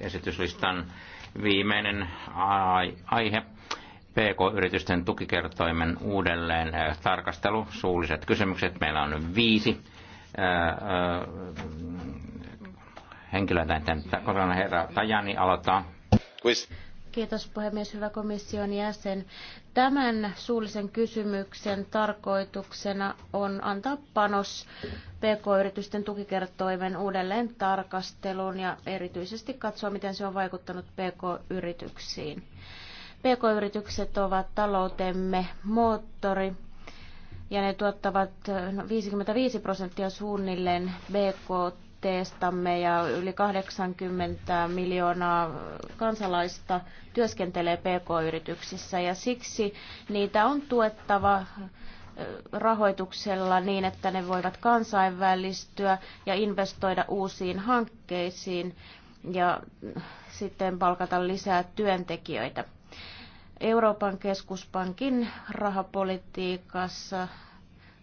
esityslistan viimeinen aihe. PK-yritysten tukikertoimen uudelleen tarkastelu, suulliset kysymykset. Meillä on viisi henkilöä näiden korona herra Tajani aloittaa. Kiitos puhemies, hyvä komission jäsen. Tämän suullisen kysymyksen tarkoituksena on antaa panos PK-yritysten tukikertoimen uudelleen tarkasteluun ja erityisesti katsoa, miten se on vaikuttanut PK-yrityksiin. PK-yritykset ovat taloutemme moottori ja ne tuottavat 55 no, prosenttia suunnilleen BKT tavoitteestamme ja yli 80 miljoonaa kansalaista työskentelee pk-yrityksissä ja siksi niitä on tuettava rahoituksella niin, että ne voivat kansainvälistyä ja investoida uusiin hankkeisiin ja sitten palkata lisää työntekijöitä. Euroopan keskuspankin rahapolitiikassa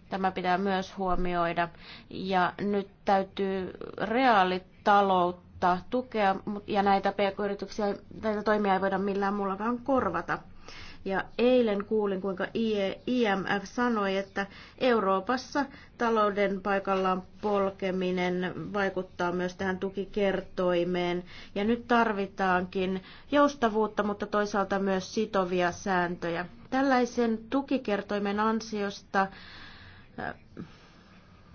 Tämä pitää myös huomioida. Ja nyt täytyy reaalitaloutta tukea, ja näitä pk-yrityksiä, näitä toimia ei voida millään muullakaan korvata. Ja eilen kuulin, kuinka IMF e, sanoi, että Euroopassa talouden paikallaan polkeminen vaikuttaa myös tähän tukikertoimeen. Ja nyt tarvitaankin joustavuutta, mutta toisaalta myös sitovia sääntöjä. Tällaisen tukikertoimen ansiosta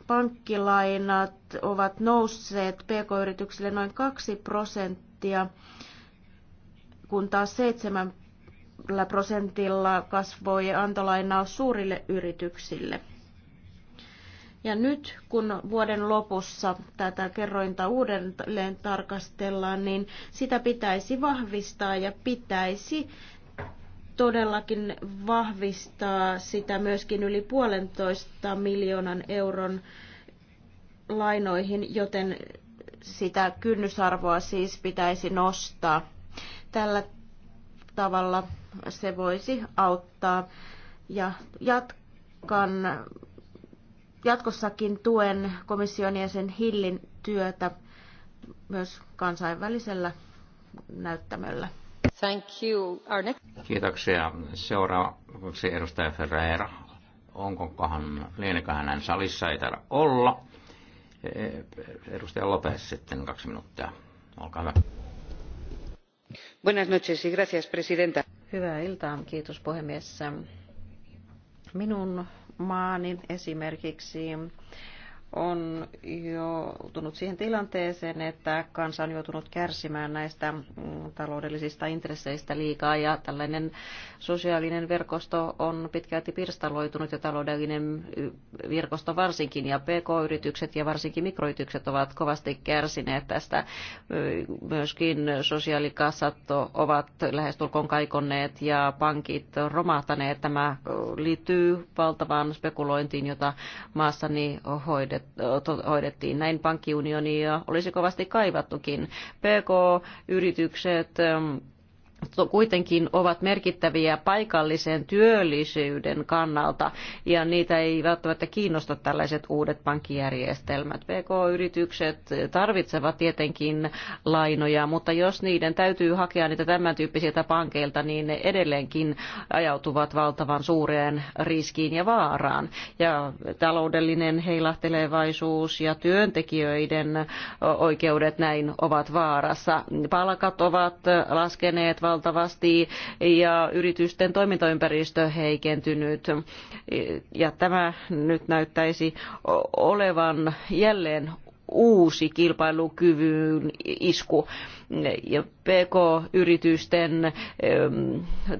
pankkilainat ovat nousseet pk-yrityksille noin 2 prosenttia, kun taas 7 prosentilla kasvoi antolainaus suurille yrityksille. Ja nyt kun vuoden lopussa tätä kerrointa uudelleen tarkastellaan, niin sitä pitäisi vahvistaa ja pitäisi todellakin vahvistaa sitä myöskin yli puolentoista miljoonan euron lainoihin, joten sitä kynnysarvoa siis pitäisi nostaa. Tällä tavalla se voisi auttaa ja jatkan jatkossakin tuen komission ja sen Hillin työtä myös kansainvälisellä näyttämöllä. Thank you. Our next... Kiitoksia. Seuraavaksi edustaja Ferreira. Onkohan, lieneköhän hän salissa, ei täällä olla. E, e, edustaja Lopes sitten kaksi minuuttia. Olkaa hyvä. Buenas noches y gracias, presidenta. Hyvää iltaa, kiitos puhemies. Minun maani esimerkiksi on joutunut siihen tilanteeseen, että kansa on joutunut kärsimään näistä mm, taloudellisista intresseistä liikaa ja tällainen sosiaalinen verkosto on pitkälti pirstaloitunut ja taloudellinen verkosto varsinkin ja pk-yritykset ja varsinkin mikroyritykset ovat kovasti kärsineet tästä. Myöskin sosiaalikassat ovat lähestulkoon kaikonneet ja pankit romahtaneet. Tämä liittyy valtavaan spekulointiin, jota maassani hoidetaan hoidettiin. Näin pankkiunionia olisi kovasti kaivattukin. PK-yritykset kuitenkin ovat merkittäviä paikallisen työllisyyden kannalta ja niitä ei välttämättä kiinnosta tällaiset uudet pankkijärjestelmät. PK-yritykset tarvitsevat tietenkin lainoja, mutta jos niiden täytyy hakea niitä tämän tyyppisiltä pankeilta, niin ne edelleenkin ajautuvat valtavan suureen riskiin ja vaaraan. Ja taloudellinen heilahtelevaisuus ja työntekijöiden oikeudet näin ovat vaarassa. Palkat ovat laskeneet val- valtavasti ja yritysten toimintaympäristö heikentynyt. Ja tämä nyt näyttäisi olevan jälleen uusi kilpailukyvyn isku ja PK-yritysten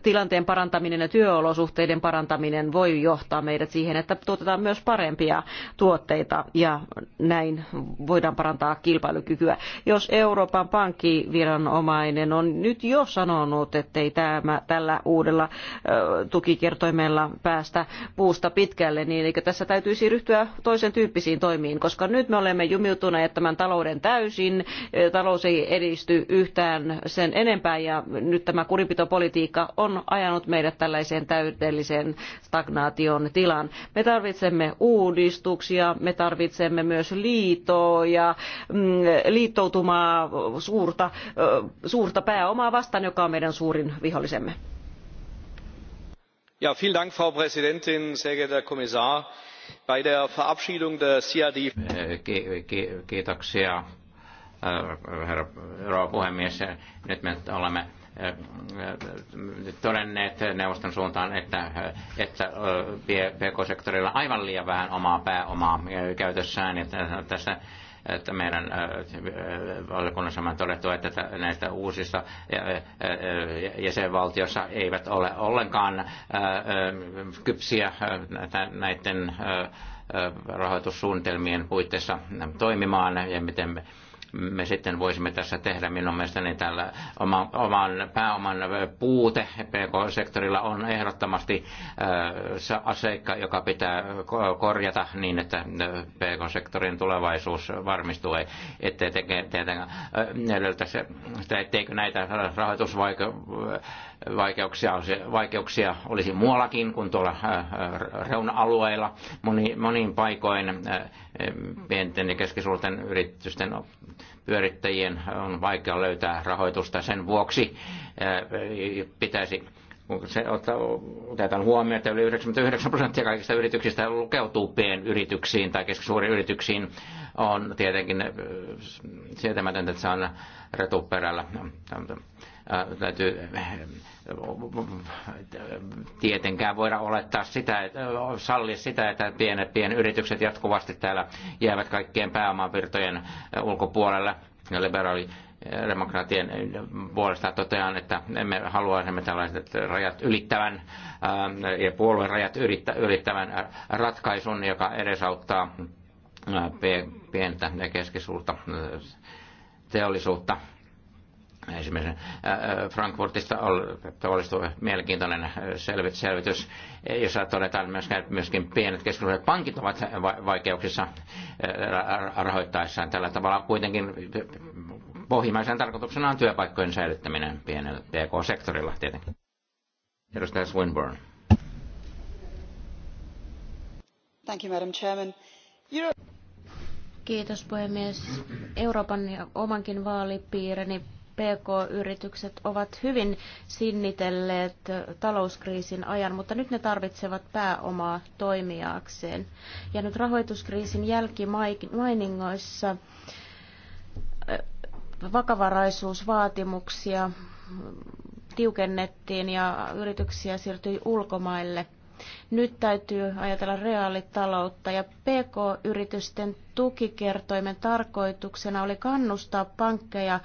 tilanteen parantaminen ja työolosuhteiden parantaminen voi johtaa meidät siihen, että tuotetaan myös parempia tuotteita ja näin voidaan parantaa kilpailukykyä. Jos Euroopan pankkiviranomainen on nyt jo sanonut, ettei tämä, tällä uudella tukikertoimella päästä puusta pitkälle, niin eikö tässä täytyisi ryhtyä toisen tyyppisiin toimiin, koska nyt me olemme jumiutuneet tämän talouden täysin, talous ei edisty yhtään sen enempää ja nyt tämä kurinpitopolitiikka on ajanut meidät tällaiseen täydelliseen stagnaation tilaan. Me tarvitsemme uudistuksia, me tarvitsemme myös liitoja, mm, liittoutumaa suurta, suurta pääomaa vastaan, joka on meidän suurin vihollisemme. Ja, vielen Dank, Frau Präsidentin, sehr geehrter Kommissar. Bei der Verabschiedung der CRD... Ki, ki, kiitoksia Äh, herra, herra puhemies. Nyt me olemme äh, äh, todenneet neuvoston suuntaan, että, että PK-sektorilla aivan liian vähän omaa pääomaa käytössään. Ja tässä että meidän valiokunnassa on todettu, että näistä uusissa jäsenvaltioissa eivät ole ollenkaan kypsiä näiden rahoitussuunnitelmien puitteissa toimimaan ja miten me me sitten voisimme tässä tehdä. Minun mielestäni tällä oman, oman pääoman puute PK-sektorilla on ehdottomasti äh, seikka, joka pitää korjata niin, että äh, PK-sektorin tulevaisuus varmistuu, ettei tekee, äh, tekee, näitä rahoitusvaikeuksia vaikeuksia, vaikeuksia olisi muuallakin kuin tuolla reuna-alueilla. Moni, monin paikoin pienten ja keskisuurten yritysten pyörittäjien on vaikea löytää rahoitusta. Sen vuoksi pitäisi se ottaa, otetaan huomioon, että yli 99 prosenttia kaikista yrityksistä lukeutuu pienyrityksiin tai keskisuuriin yrityksiin, on tietenkin sietämätöntä, että se on retuperällä täytyy tietenkään voida olettaa sitä, sallia sitä, että pienet pienyritykset jatkuvasti täällä jäävät kaikkien pääomavirtojen ulkopuolelle. Liberaali demokratian puolesta totean, että me haluaisimme tällaiset rajat ylittävän ja puolueen rajat ylittävän ratkaisun, joka edesauttaa pientä ja keskisuurta teollisuutta esimerkiksi Frankfurtista valistui mielenkiintoinen selvitys, jossa todetaan myöskin, myöskin pienet keskustelut. Pankit ovat vaikeuksissa rahoittaessaan tällä tavalla kuitenkin pohjimmaisen tarkoituksena on työpaikkojen säilyttäminen pienellä PK-sektorilla tietenkin. Edustaja Swinburne. Thank you, Madam Chairman. Kiitos puhemies. Euroopan ja omankin vaalipiirini PK-yritykset ovat hyvin sinnitelleet talouskriisin ajan, mutta nyt ne tarvitsevat pääomaa toimijaakseen. Ja nyt rahoituskriisin jälkimainingoissa äh, vakavaraisuusvaatimuksia tiukennettiin ja yrityksiä siirtyi ulkomaille – nyt täytyy ajatella reaalitaloutta ja PK-yritysten tukikertoimen tarkoituksena oli kannustaa pankkeja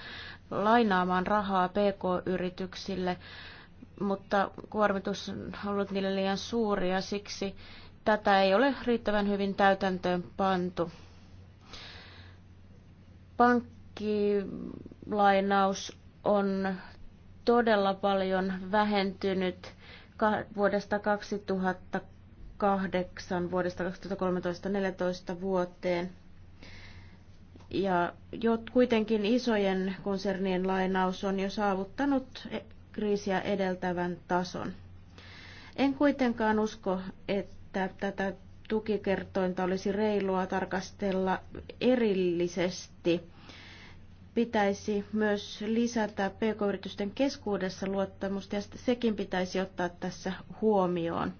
lainaamaan rahaa PK-yrityksille, mutta kuormitus on ollut niille liian suuri ja siksi tätä ei ole riittävän hyvin täytäntöön pantu. Pankkilainaus on todella paljon vähentynyt vuodesta 2008 vuodesta 2013-2014 vuoteen. Ja jo kuitenkin isojen konsernien lainaus on jo saavuttanut e-, kriisiä edeltävän tason. En kuitenkaan usko, että tätä tukikertointa olisi reilua tarkastella erillisesti pitäisi myös lisätä pk-yritysten keskuudessa luottamusta ja sekin pitäisi ottaa tässä huomioon.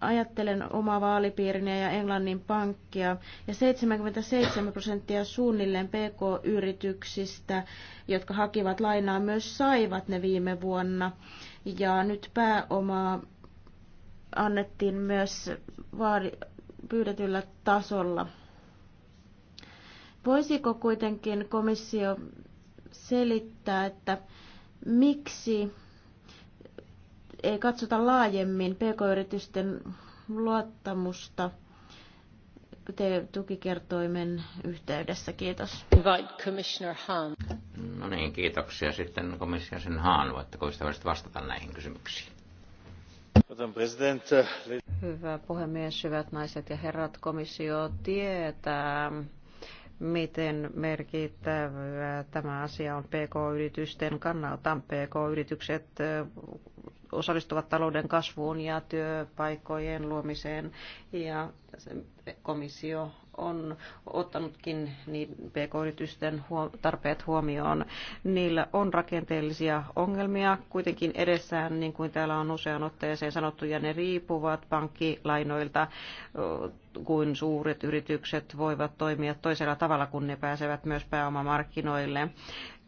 Ajattelen omaa vaalipiirini ja Englannin pankkia ja 77 prosenttia suunnilleen pk-yrityksistä, jotka hakivat lainaa, myös saivat ne viime vuonna. Ja nyt pääomaa annettiin myös vaali- pyydetyllä tasolla Voisiko kuitenkin komissio selittää, että miksi ei katsota laajemmin pk-yritysten luottamusta tukikertoimen yhteydessä. Kiitos. No niin, kiitoksia. Sitten komission sen Haan. Voitteko ystävällisesti vastata näihin kysymyksiin? Uh, Hyvä puhemies, hyvät naiset ja herrat, komissio tietää miten merkittävä tämä asia on PK-yritysten kannalta. PK-yritykset osallistuvat talouden kasvuun ja työpaikkojen luomiseen. Ja komissio on ottanutkin niin pk-yritysten tarpeet huomioon. Niillä on rakenteellisia ongelmia kuitenkin edessään, niin kuin täällä on usean otteeseen sanottu, ja ne riippuvat pankkilainoilta, kuin suuret yritykset voivat toimia toisella tavalla, kun ne pääsevät myös pääomamarkkinoille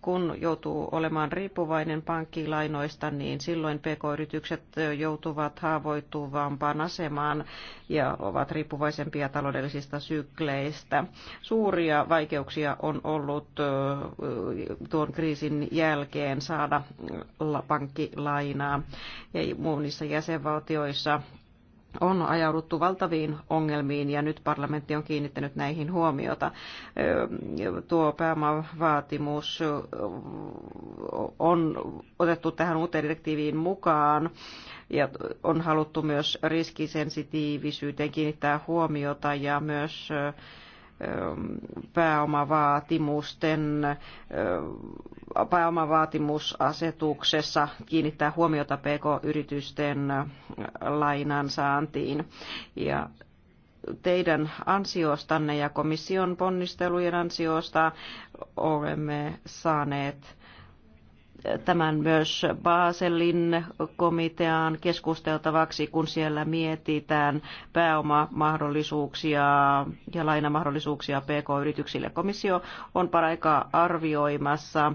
kun joutuu olemaan riippuvainen pankkilainoista, niin silloin pk-yritykset joutuvat haavoittuvampaan asemaan ja ovat riippuvaisempia taloudellisista sykleistä. Suuria vaikeuksia on ollut tuon kriisin jälkeen saada pankkilainaa ja muunissa jäsenvaltioissa on ajauduttu valtaviin ongelmiin ja nyt parlamentti on kiinnittänyt näihin huomiota. Tuo pääomavaatimus on otettu tähän uuteen direktiiviin mukaan ja on haluttu myös riskisensitiivisyyteen kiinnittää huomiota ja myös pääomavaatimusten pääomavaatimusasetuksessa kiinnittää huomiota pk-yritysten lainansaantiin. Ja teidän ansiostanne ja komission ponnistelujen ansiosta olemme saaneet tämän myös Baselin komiteaan keskusteltavaksi, kun siellä mietitään pääomamahdollisuuksia ja lainamahdollisuuksia PK-yrityksille. Komissio on paraikaa arvioimassa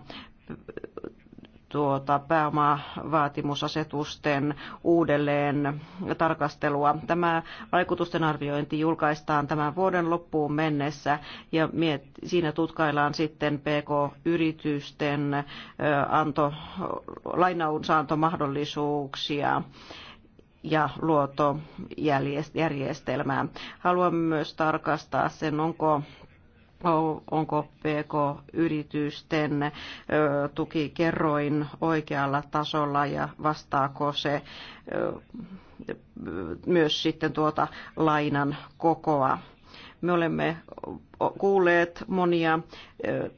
tuota pääomavaatimusasetusten uudelleen tarkastelua. Tämä vaikutusten arviointi julkaistaan tämän vuoden loppuun mennessä ja siinä tutkaillaan sitten PK-yritysten anto, lainaunsaantomahdollisuuksia ja luotojärjestelmää. Haluan myös tarkastaa sen, onko onko PK-yritysten tukikerroin oikealla tasolla ja vastaako se myös sitten tuota lainan kokoa. Me olemme kuulleet monia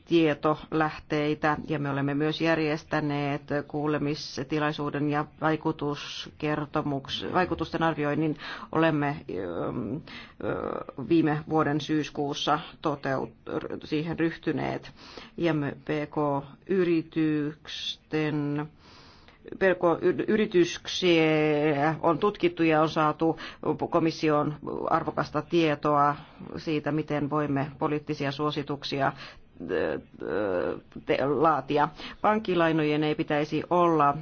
tietolähteitä ja me olemme myös järjestäneet kuulemistilaisuuden ja vaikutusten arvioinnin olemme viime vuoden syyskuussa toteut- siihen ryhtyneet. Ja me PK-yritysten pelko yrityksiä on tutkittu ja on saatu komission arvokasta tietoa siitä, miten voimme poliittisia suosituksia laatia. Pankkilainojen ei pitäisi olla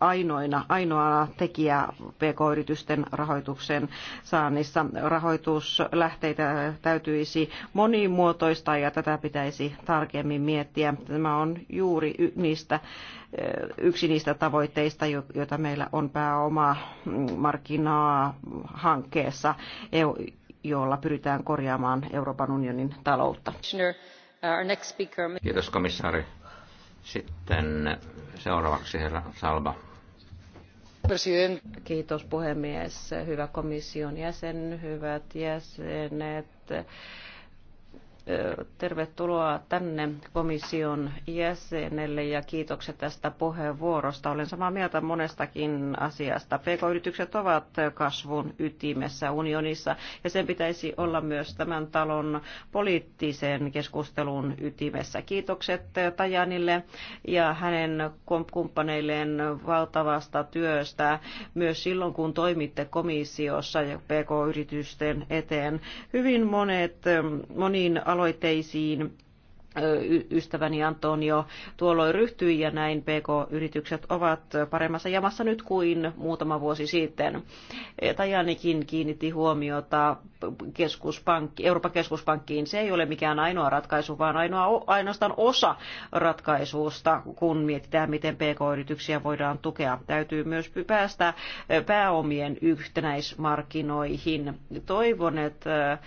ainoina, ainoana tekijä pk-yritysten rahoituksen saannissa. Rahoituslähteitä täytyisi monimuotoistaa ja tätä pitäisi tarkemmin miettiä. Tämä on juuri niistä, yksi niistä tavoitteista, joita meillä on pääoma mm, markkinaa hankkeessa, jolla pyritään korjaamaan Euroopan unionin taloutta. Uh, Kiitos komissaari. Sitten seuraavaksi herra Salba. President. Kiitos puhemies, hyvä komission jäsen, hyvät jäsenet Tervetuloa tänne komission jäsenelle ja kiitokset tästä puheenvuorosta. Olen samaa mieltä monestakin asiasta. PK-yritykset ovat kasvun ytimessä unionissa ja sen pitäisi olla myös tämän talon poliittisen keskustelun ytimessä. Kiitokset Tajanille ja hänen kumppaneilleen valtavasta työstä myös silloin, kun toimitte komissiossa ja PK-yritysten eteen. Hyvin monet, moniin aloitteisiin ystäväni Antonio tuolloin ryhtyi ja näin PK-yritykset ovat paremmassa jamassa nyt kuin muutama vuosi sitten. E, Tajanikin kiinnitti huomiota keskuspankki, Euroopan keskuspankkiin. Se ei ole mikään ainoa ratkaisu, vaan ainoa, ainoastaan osa ratkaisusta, kun mietitään, miten PK-yrityksiä voidaan tukea. Täytyy myös päästä pääomien yhtenäismarkkinoihin. Toivon, että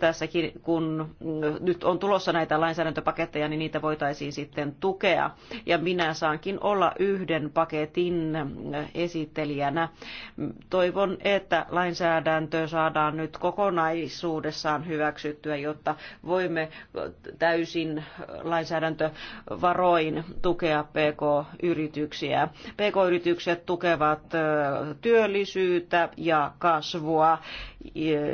tässäkin, kun nyt on tulossa näitä lainsäädäntöpakkeja, paketteja, niin niitä voitaisiin sitten tukea. Ja minä saankin olla yhden paketin esittelijänä. Toivon, että lainsäädäntö saadaan nyt kokonaisuudessaan hyväksyttyä, jotta voimme täysin lainsäädäntövaroin tukea PK-yrityksiä. PK-yritykset tukevat työllisyyttä ja kasvua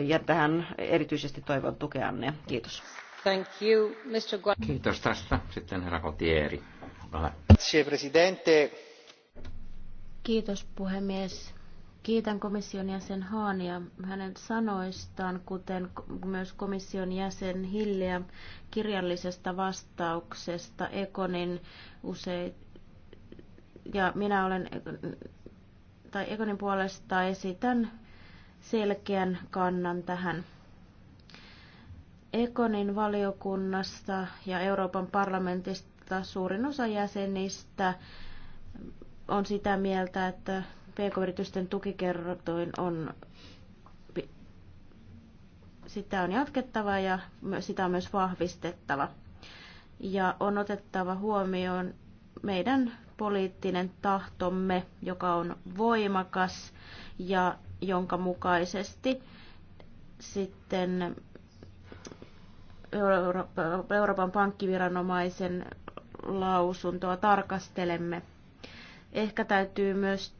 ja tähän erityisesti toivon tukeanne. Kiitos. Thank you, Mr. Kiitos tästä. Sitten herra Kotieri. Kiitos puhemies. Kiitän komission jäsen Haania hänen sanoistaan, kuten myös komission jäsen Hilliä kirjallisesta vastauksesta Ekonin usein. Ja minä olen tai Ekonin puolesta esitän selkeän kannan tähän Ekonin valiokunnasta ja Euroopan parlamentista suurin osa jäsenistä on sitä mieltä, että pk-yritysten tukikertoin on sitä on jatkettava ja sitä on myös vahvistettava. Ja on otettava huomioon meidän poliittinen tahtomme, joka on voimakas ja jonka mukaisesti sitten Euroopan pankkiviranomaisen lausuntoa tarkastelemme. Ehkä täytyy myös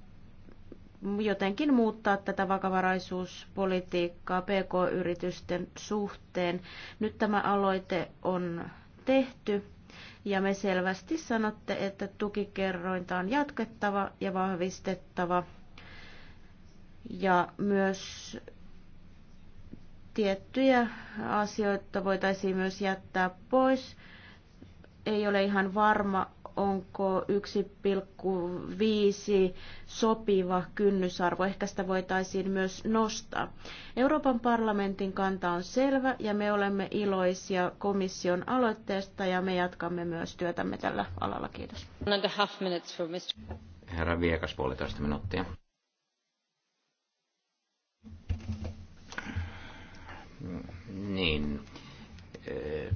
jotenkin muuttaa tätä vakavaraisuuspolitiikkaa pk-yritysten suhteen. Nyt tämä aloite on tehty ja me selvästi sanotte, että tukikerrointa on jatkettava ja vahvistettava ja myös tiettyjä asioita voitaisiin myös jättää pois. Ei ole ihan varma, onko 1,5 sopiva kynnysarvo. Ehkä sitä voitaisiin myös nostaa. Euroopan parlamentin kanta on selvä ja me olemme iloisia komission aloitteesta ja me jatkamme myös työtämme tällä alalla. Kiitos. Herra Viekas, puolitoista minuuttia. Niin, eh,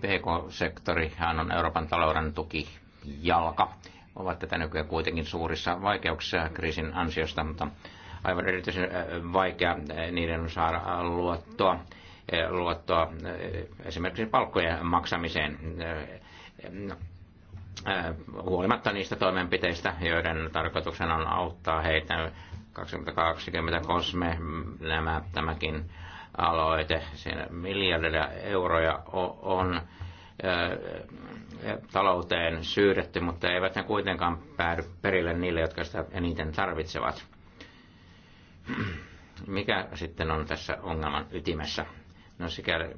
PK-sektorihan on Euroopan talouden tukijalka. Ovat tätä nykyään kuitenkin suurissa vaikeuksissa kriisin ansiosta, mutta aivan erityisen eh, vaikea eh, niiden saada luottoa, luottoa esimerkiksi palkkojen maksamiseen huolimatta niistä toimenpiteistä, joiden tarkoituksena on auttaa heitä 2020 kosme nämä, tämäkin aloite. Siinä miljardeja euroja on talouteen syydetty, mutta eivät ne kuitenkaan päädy perille niille, jotka sitä eniten tarvitsevat. Mikä sitten on tässä ongelman ytimessä? No sikäli,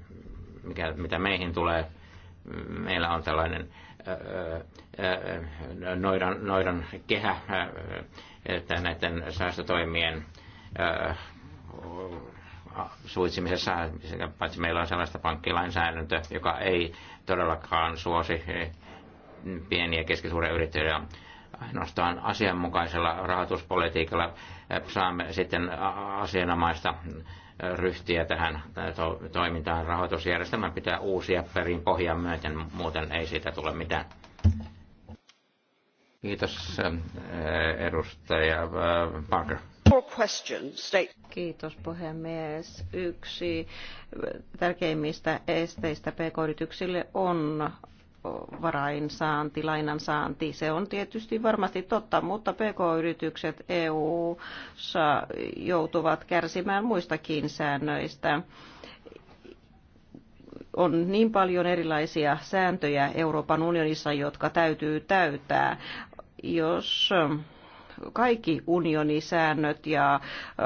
mikä, mitä meihin tulee, meillä on tällainen noidan, noidan kehä, että näiden säästötoimien suitsimisessa, paitsi meillä on sellaista pankkilainsäädäntöä, joka ei todellakaan suosi eh, pieniä ja keskisuuria yrittäjiä. Ainoastaan asianmukaisella rahoituspolitiikalla eh, saamme sitten asianomaista eh, ryhtiä tähän toimintaan. Rahoitusjärjestelmän pitää uusia perin pohjan myöten, muuten ei siitä tule mitään. Kiitos edustaja Parker. Kiitos puhemies. Yksi tärkeimmistä esteistä pk-yrityksille on varainsaanti, lainansaanti. Se on tietysti varmasti totta, mutta pk-yritykset EU-ssa joutuvat kärsimään muistakin säännöistä on niin paljon erilaisia sääntöjä Euroopan unionissa, jotka täytyy täyttää, Jos kaikki unionisäännöt ja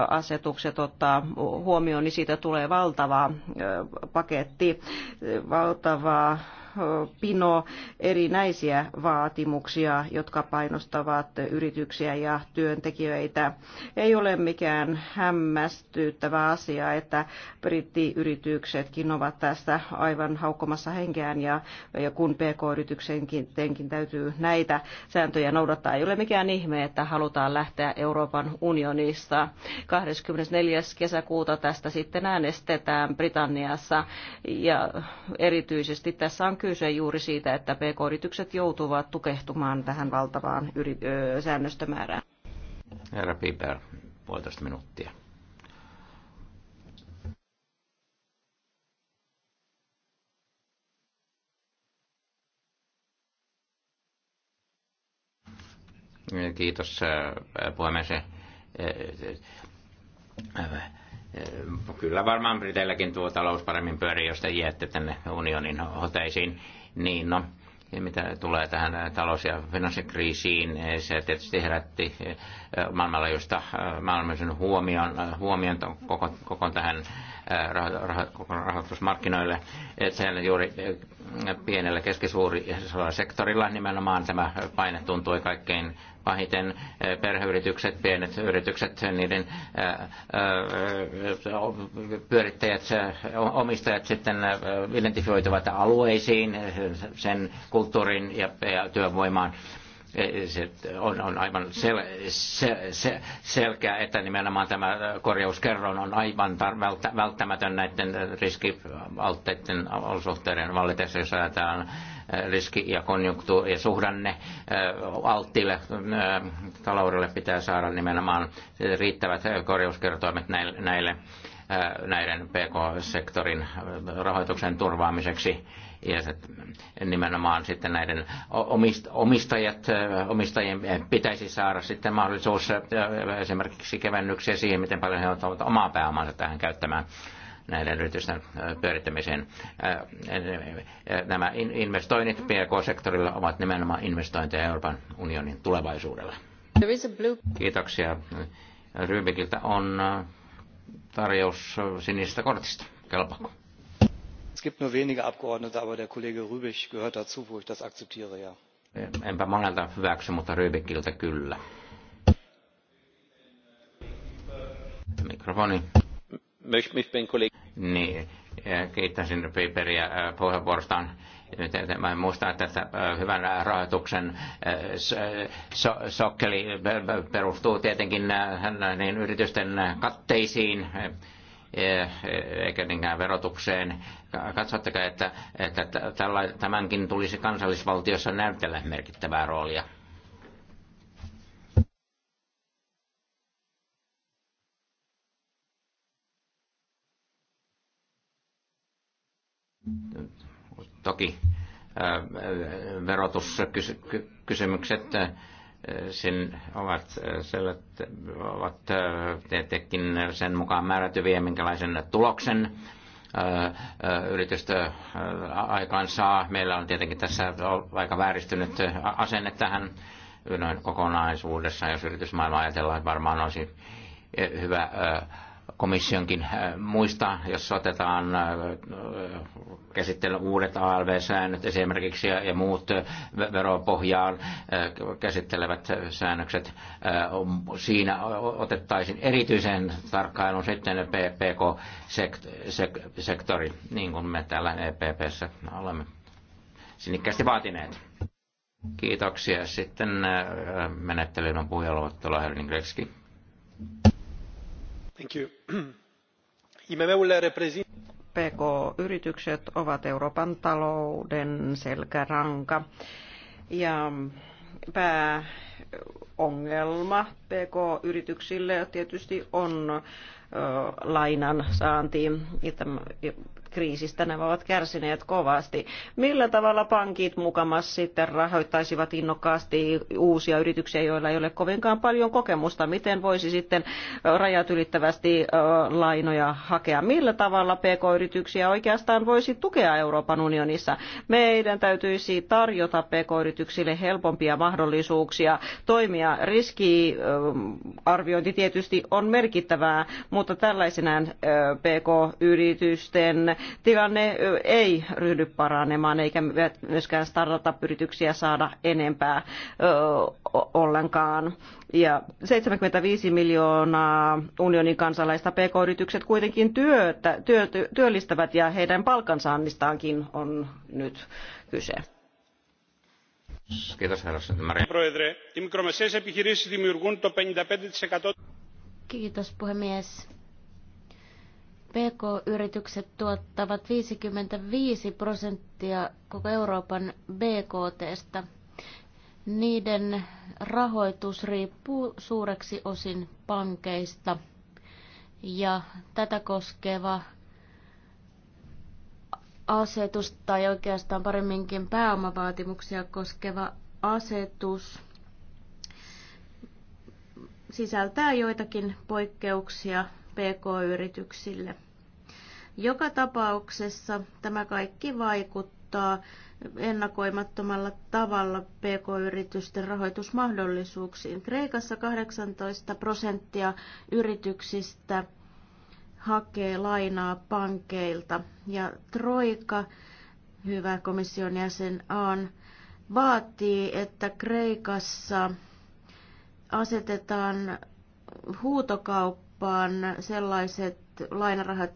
asetukset ottaa huomioon, niin siitä tulee valtava paketti, valtava pino erinäisiä vaatimuksia, jotka painostavat yrityksiä ja työntekijöitä. Ei ole mikään hämmästyttävä asia, että brittiyrityksetkin ovat tässä aivan haukkomassa henkeään ja, ja kun pk-yrityksenkin täytyy näitä sääntöjä noudattaa. Ei ole mikään ihme, että halutaan lähteä Euroopan unionista. 24. kesäkuuta tästä sitten äänestetään Britanniassa ja erityisesti tässä on kyse juuri siitä, että pk-yritykset joutuvat tukehtumaan tähän valtavaan yri- säännöstömäärään. Herra Piper, puolitoista minuuttia. Kiitos puhemies. Ehm, kyllä varmaan Briteilläkin tuo talous paremmin pyörii, jos te jäätte tänne unionin hoteisiin. Niin no, mitä tulee tähän talous- ja finanssikriisiin, se tietysti herätti maailmanlaajuista maailmallisen huomion, huomion koko, koko tähän rahoitusmarkkinoille. Siellä juuri pienellä keskisuuri sektorilla nimenomaan tämä paine tuntui kaikkein pahiten eh, perheyritykset, pienet yritykset, niiden eh, eh, pyörittäjät, omistajat sitten identifioituvat alueisiin, sen kulttuurin ja työvoimaan E, se on, on aivan sel, se, se, selkeä, että nimenomaan tämä korjauskerron on aivan tar- välttämätön näiden riskialtteiden olosuhteiden vallitessa, jos ajatellaan e, riski- ja konjunktuuri- ja suhdanne e, alttiille taloudelle pitää saada nimenomaan riittävät korjauskertoimet näille, näille näiden PK-sektorin rahoituksen turvaamiseksi ja nimenomaan sitten näiden omistajat, omistajien pitäisi saada sitten mahdollisuus esimerkiksi kevennyksiä siihen, miten paljon he ovat omaa pääomansa tähän käyttämään näiden yritysten pyörittämiseen. Nämä investoinnit PK-sektorilla ovat nimenomaan investointeja Euroopan unionin tulevaisuudella. Kiitoksia. Rybikiltä on tarjous sinisestä kortista. Kelpaako? gibt nur wenige abgeordnete aber der kollege rübig gehört dazu wo ich das akzeptiere ja. Eh, enpä monelta hyväksy mutta kyllä. Mikrofoni. Niin, eh, kiittäisin Piperiä eh, puheenvuorostaan. Mä muistan tässä hyvän rahoituksen sokkeli perustuu tietenkin niin yritysten katteisiin eikä niinkään verotukseen. Katsotteko, että, että tämänkin tulisi kansallisvaltiossa näytellä merkittävää roolia? Toki verotuskysymykset kysy- sen ovat, sellat, ovat tietenkin sen mukaan määrätyviä, minkälaisen tuloksen yritystä aikaan saa. Meillä on tietenkin tässä aika vääristynyt asenne tähän noin kokonaisuudessaan, jos yritysmaailma ajatellaan, että varmaan olisi hyvä komissionkin äh, muista, jos otetaan äh, käsittelyn uudet ALV-säännöt esimerkiksi ja muut äh, veropohjaan käsittelevät säännökset, siinä otettaisiin erityisen tarkkailun sitten PK-sektori, niin kuin me täällä EPPssä olemme sinnikkäästi vaatineet. Kiitoksia. Sitten menettelyyn on puheenjohtaja Helning imm urile reprezintă. pk yritykset ovat euroopan talouden selkäranka ja pääongelma pk yrityksille tietysti on lainan saanti kriisistä nämä ovat kärsineet kovasti. Millä tavalla pankit mukamas sitten rahoittaisivat innokkaasti uusia yrityksiä, joilla ei ole kovinkaan paljon kokemusta? Miten voisi sitten rajat ylittävästi lainoja hakea? Millä tavalla pk-yrityksiä oikeastaan voisi tukea Euroopan unionissa? Meidän täytyisi tarjota pk-yrityksille helpompia mahdollisuuksia toimia. Riskiarviointi tietysti on merkittävää, mutta tällaisenään pk-yritysten tilanne ei ryhdy paranemaan eikä myöskään startup-yrityksiä saada enempää ollenkaan. Ja 75 miljoonaa unionin kansalaista pk-yritykset kuitenkin työtä, työ, työllistävät ja heidän palkansaannistaankin on nyt kyse. Kiitos, herra Kiitos, puhemies PK-yritykset tuottavat 55 prosenttia koko Euroopan BKTstä. Niiden rahoitus riippuu suureksi osin pankeista ja tätä koskeva asetus tai oikeastaan paremminkin pääomavaatimuksia koskeva asetus sisältää joitakin poikkeuksia PK-yrityksille. Joka tapauksessa tämä kaikki vaikuttaa ennakoimattomalla tavalla pk-yritysten rahoitusmahdollisuuksiin. Kreikassa 18 prosenttia yrityksistä hakee lainaa pankeilta ja Troika, hyvä komission jäsen Aan, vaatii, että Kreikassa asetetaan huutokauppaan sellaiset lainarahat,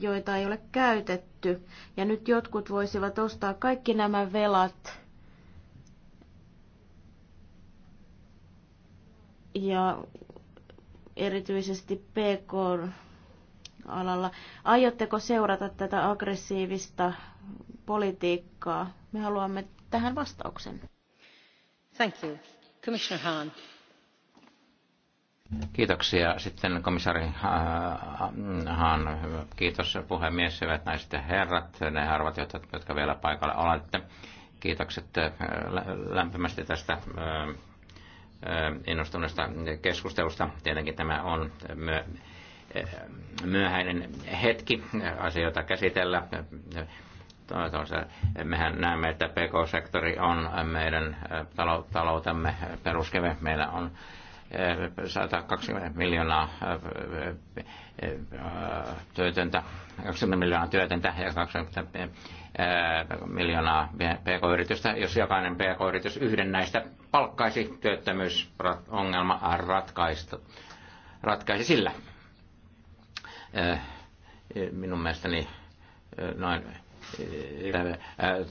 joita ei ole käytetty. Ja nyt jotkut voisivat ostaa kaikki nämä velat ja erityisesti PK-alalla. Aiotteko seurata tätä aggressiivista politiikkaa? Me haluamme tähän vastauksen. Thank you. Commissioner Hahn. Kiitoksia sitten komissaari äh, äh, Haan. Kiitos puhemies, hyvät naiset ja herrat, ne harvat, jotka vielä paikalla olette. Kiitokset äh, lämpimästi tästä innostuneesta keskustelusta. Tietenkin tämä on myöhäinen hetki asioita käsitellä. Mehän näemme, että PK-sektori on meidän taloutemme peruskeve. Meillä on 120 miljoonaa työtöntä, 20 miljoonaa työtöntä ja 20 miljoonaa pk-yritystä. Jos jokainen pk-yritys yhden näistä palkkaisi, työttömyysongelma ratkaista, ratkaisi sillä. Minun mielestäni noin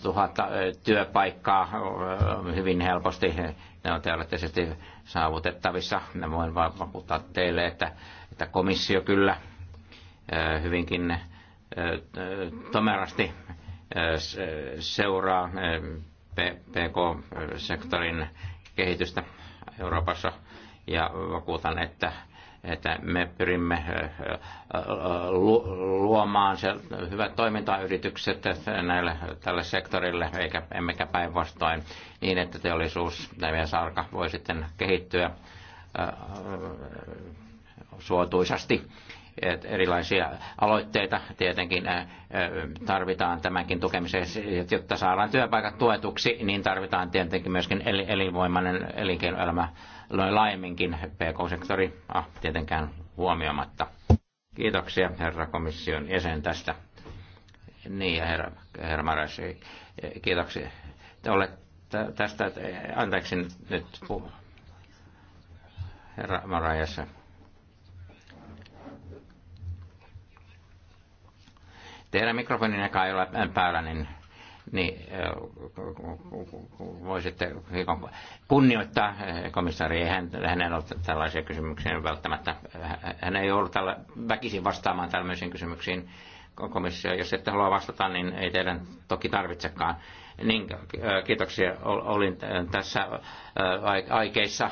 tuhatta äh, työpaikkaa äh, hyvin helposti. Ne on teoreettisesti saavutettavissa. Ne voin vain vakuuttaa teille, että, että komissio kyllä äh, hyvinkin tomerasti seuraa PK-sektorin kehitystä Euroopassa ja vakuutan, että että me pyrimme luomaan se hyvät toimintayritykset näille, tälle sektorille, eikä, emmekä päinvastoin niin, että teollisuus ja sarka voi sitten kehittyä suotuisasti erilaisia aloitteita tietenkin tarvitaan tämänkin tukemiseen, jotta saadaan työpaikat tuetuksi, niin tarvitaan tietenkin myöskin elinvoimainen elinkeinoelämä laajemminkin PK-sektori ah, tietenkään huomioimatta. Kiitoksia herra komission jäsen tästä. Niin, herra, herra Maras, e, e, kiitoksia. Te olette tästä, anteeksi nyt herra Marajassa Teidän mikrofonin eka ei ole päällä, niin, niin voisitte kunnioittaa komissaari. Hän, hänellä ole tällaisia kysymyksiä välttämättä. Hän ei ollut tällä, väkisin vastaamaan tällaisiin kysymyksiin komissio. Jos ette halua vastata, niin ei teidän toki tarvitsekaan. Niin, kiitoksia. Olin tässä aikeissa